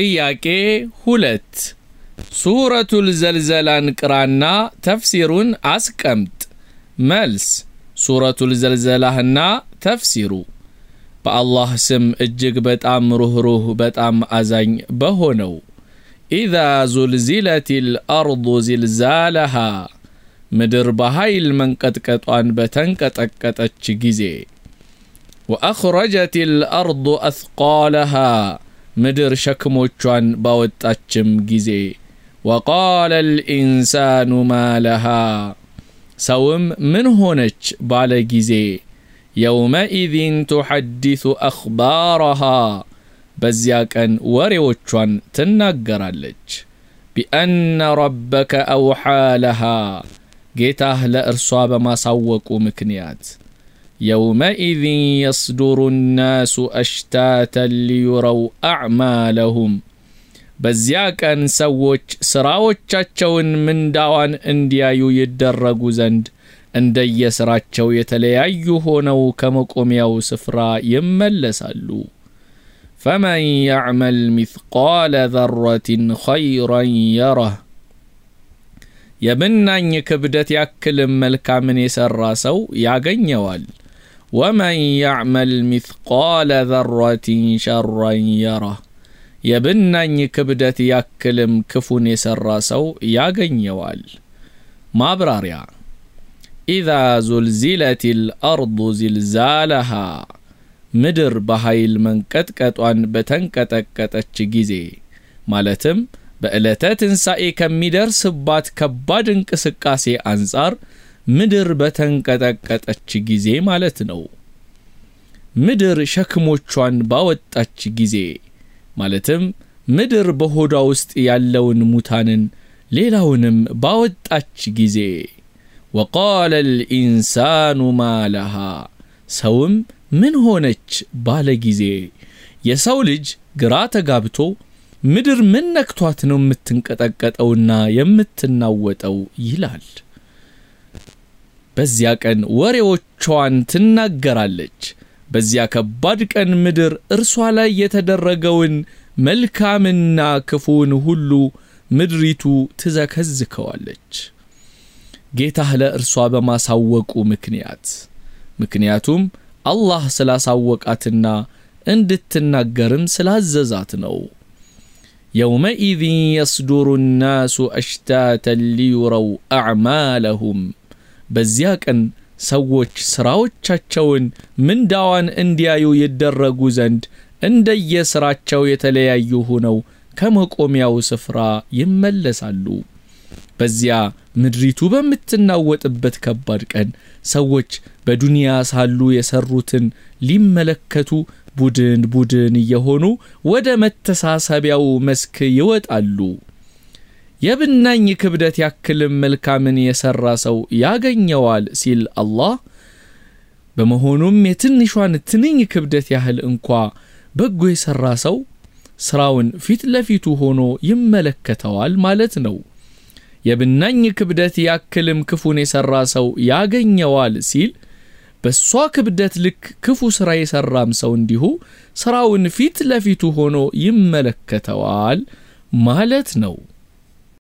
ጥያቄ ሁለት ሱረቱል ዘልዘላን ቅራና ተፍሲሩን አስቀምጥ። መልስ ሱረቱል ዘልዘላህና ተፍሲሩ በአላህ ስም እጅግ በጣም ሩኅሩህ በጣም አዛኝ በሆነው ኢዛ ዙልዚለቲል አርዱ ዚልዛለሃ ምድር በኃይል መንቀጥቀጧን በተንቀጠቀጠች ጊዜ ወአኽረጀቲል አርዱ አስቃለሃ ምድር ሸክሞቿን ባወጣችም ጊዜ ወቃለ ልኢንሳኑ ማለሃ ሰውም ምን ሆነች ባለ ጊዜ የውመኢዝን ቱሐዲሱ አኽባረሃ በዚያ ቀን ወሬዎቿን ትናገራለች። ቢአነ ረበከ አውሓ ለሃ ጌታህ ለእርሷ በማሳወቁ ምክንያት يومئذ يصدر الناس أشتاتا ليروا أعمالهم በዚያ ቀን ሰዎች ሥራዎቻቸውን ምንዳዋን እንዲያዩ ይደረጉ ዘንድ እንደየሥራቸው የተለያዩ ሆነው ከመቆሚያው ስፍራ ይመለሳሉ። ፈመን ያዕመል ሚስቃለ ዘረትን ኸይረን የረህ የምናኝ ክብደት ያክልም መልካምን የሠራ ሰው ያገኘዋል። ወመን ያዕመል مثقال ذرة شرا يره የብናኝ ክብደት ያክልም ክፉን የሠራ ሰው ያገኘዋል። ማብራሪያ ኢዛ ዙልዚለት ልአርዱ ዚልዛለሃ ምድር በኃይል መንቀጥቀጧን በተንቀጠቀጠች ጊዜ ማለትም በዕለተ ትንሣኤ ከሚደርስባት ከባድ እንቅስቃሴ አንጻር ምድር በተንቀጠቀጠች ጊዜ ማለት ነው። ምድር ሸክሞቿን ባወጣች ጊዜ ማለትም ምድር በሆዷ ውስጥ ያለውን ሙታንን ሌላውንም ባወጣች ጊዜ ወቃለ ልኢንሳኑ ማለሃ ሰውም ምን ሆነች ባለ ጊዜ የሰው ልጅ ግራ ተጋብቶ ምድር ምን ነክቷት ነው የምትንቀጠቀጠውና የምትናወጠው ይላል። በዚያ ቀን ወሬዎቿን ትናገራለች። በዚያ ከባድ ቀን ምድር እርሷ ላይ የተደረገውን መልካምና ክፉን ሁሉ ምድሪቱ ትዘከዝከዋለች። ጌታህ ለእርሷ በማሳወቁ ምክንያት ምክንያቱም አላህ ስላሳወቃትና እንድትናገርም ስላዘዛት ነው። የውመኢዝን የስዱሩ ናሱ አሽታተን ሊዩረው አዕማለሁም በዚያ ቀን ሰዎች ሥራዎቻቸውን ምንዳዋን እንዲያዩ ይደረጉ ዘንድ እንደየሥራቸው የተለያዩ ሆነው ከመቆሚያው ስፍራ ይመለሳሉ። በዚያ ምድሪቱ በምትናወጥበት ከባድ ቀን ሰዎች በዱንያ ሳሉ የሰሩትን ሊመለከቱ ቡድን ቡድን እየሆኑ ወደ መተሳሰቢያው መስክ ይወጣሉ። የብናኝ ክብደት ያክልም መልካምን የሠራ ሰው ያገኘዋል ሲል አላህ በመሆኑም የትንሿን ትንኝ ክብደት ያህል እንኳ በጎ የሠራ ሰው ሥራውን ፊት ለፊቱ ሆኖ ይመለከተዋል ማለት ነው። የብናኝ ክብደት ያክልም ክፉን የሠራ ሰው ያገኘዋል ሲል በእሷ ክብደት ልክ ክፉ ሥራ የሠራም ሰው እንዲሁ ሥራውን ፊት ለፊቱ ሆኖ ይመለከተዋል ማለት ነው።